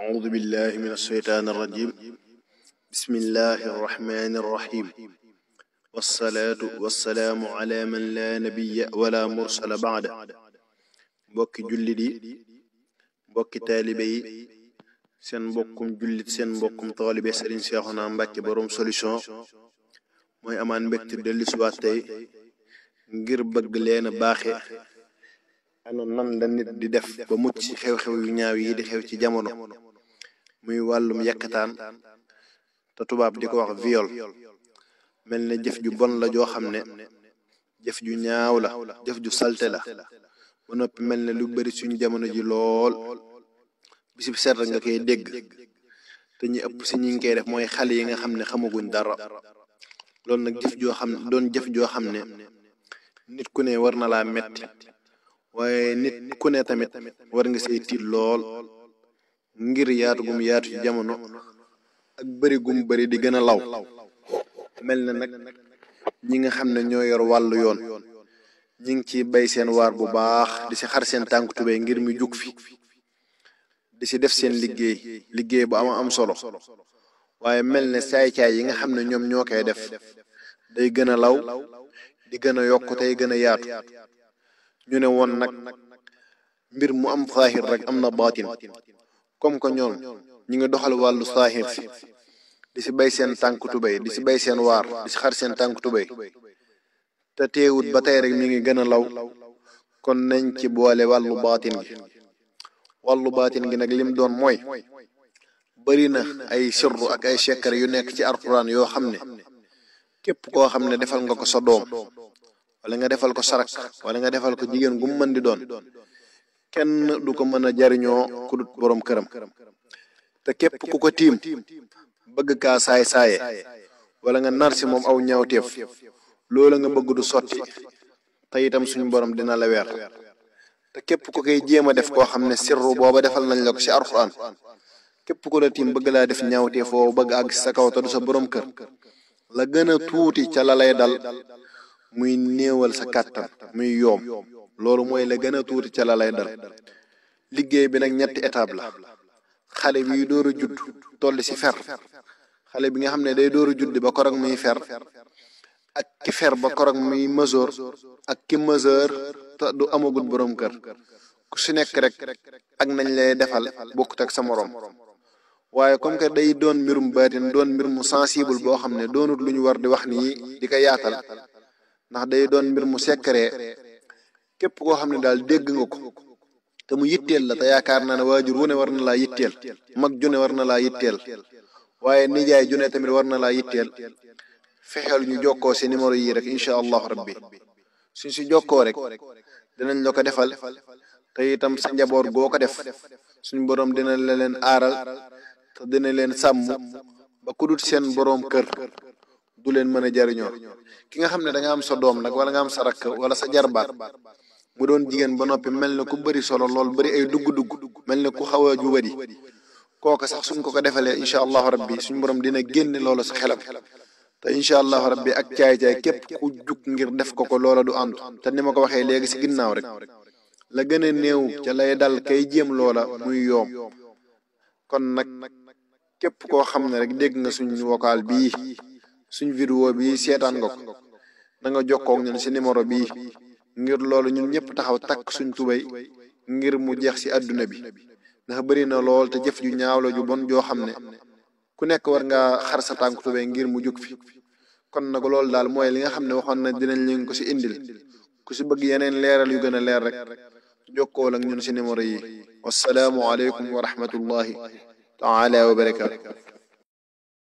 أعوذ بالله من الشيطان الرجيم بسم الله الرحمن الرحيم والصلاة والسلام على من لا نبي ولا مرسل بعد mbokki jullit yi mbokki taalibe yi seen mbokkum jullit seen mbokkum taalibe Serigne Cheikhouna Mbacké borom solution mooy amaan mbégte dellusiwaat tey ngir bëgg leen a baaxe ana nan la nit di def ba mucc xew-xew yu ñaaw yi di xew ci jamono muy wàllum yekkataan te tubaab di ko wax viol mel ne jëf ju bon la joo xam ne jëf ju ñaaw la jëf ju salte la ba noppi mel ne lu bari suñu jamono ji lool bisib seet nga koy dégg te ñu ëpp si ñi ngi koy def mooy xale yi nga xam ne xamaguñ dara loolu nag jëf joo xam doon jëf joo xam ne nit ku ne war na laa metti waaye nit ku ne tamit war nga say tiit lool ngir yaatu gum yaatu ci jamono ak bëri gum bëri di gën a law mel na nag ñi nga xam ne ñoo yor wàll yoon ñi ngi ciy bay seen waar bu baax di si xar seen tànk tubéy ngir mu jug fi di si def seen liggéey liggéey bu ama am solo waaye mel ne saay-caay yi nga xam ne ñoom ñoo koy def day gën a law di gën a yokk tey gën a yaatu ñu ne woon nag mbir mu am zaahir rek am na baatin comme que ñoom ñu ngi doxal wàllu saahir si di si bay seen tànk tubéy di si bay seen waar di si xar seen tànk tubéy te teewut ba tey rek mi ngi gën a law kon nañ ci boole wàllu baatin gi wàllu baatin gi nag lim doon mooy bëri na ay sirru ak ay sekkare yu nekk ci alxuraan yoo xam ne képp koo xam ne defal nga ko sa doom wala nga defal ko sarak wala nga defal ko jigéen gu mu mën di doon kenn du ko mën a jariñoo ku dut borom këram te képp ku ko tiim bëgg kaa saay saaye wala nga nar si moom aw ñaawteef loola nga bëgg du sotti te itam suñu borom dina la weer te képp ku koy jéem a def koo xam ne sirru booba defal nañ la ko ci alxuraan képp ku la tiim bëgg laa def ñaawteef woowu bëgg àgg sa kaw te du sa borom kër la gën a tuuti ca la lay dal muy néewal sa kàttan muy yoom loolu mooy la gën a tuuti ca la lay dal liggéey bi nag ñetti étape la xale bi door a judd toll ci fer xale bi nga xam ne day door a judd ba korog muy fer ak ki fer ba korog muy mesure ak ki mesure te du amagul borom kër ku si nekk rek ak nañ lay defal bokkut ak sa morom waaye comme day doon mbirum baatin doon mbir mu sensible boo xam ne doonut lu ñu war di wax nii di ko yaatal ndax day doon mbir mu secret képp koo xam ne daal dégg nga ko te mu yitteel la te yaakaar naa ne waajur wu ne war na laa yitteel mag ju ne war na laa yitteel waaye nijaay ju ne tamit war na laa yitteel fexeel ñu jokkoo si numéro yi rek incha allahu rabbi suñ si jokkoo rek dinañ la ko defal te itam sa njaboot goo ko def suñ borom dina la leen aaral te dina leen sàmm ba ku dut seen borom kër du leen mën a jariñoo ki nga xam ne da am sa doom nag wala nga am sa rak wala sa jarbaat mu doon jigéen ba noppi mel na ku bëri solo lool bëri ay dugg-dugg mel na ku xaw a jubadi kooka sax suñ ko ko defalee incha allahu rabbi suñ borom dina génne loolu sa xelam te incha allahu rabbi ak caay-caay képp ku jug ngir def ko ko loola du ànd te ni ma ko waxee léegi si ginnaaw rek la gën a néew ca lay dal kay jéem loola muy yoom kon nag képp koo xam ne rek dégg nga suñ vocal bii suñ vidéo bii seetaan nga ko na nga jokkoo ak ñun si numéro bii ngir loolu ñun ñëpp taxaw takk suñ tubay ngir mu jeex si àdduna bi ndax bëri na lool te jëf ju ñaaw la ju bon joo xam ne ku nekk war nga xar sa tànk tubay ngir mu jóg fi kon nag loolu daal mooy li nga xam ne waxoon na dinañ leen ko ci indil ku si bëgg yeneen leeral yu gën a leer rek jokkool ak ñun si numéro yi wassalaamu aleykum wa rahmatullahi taala wa barakaatu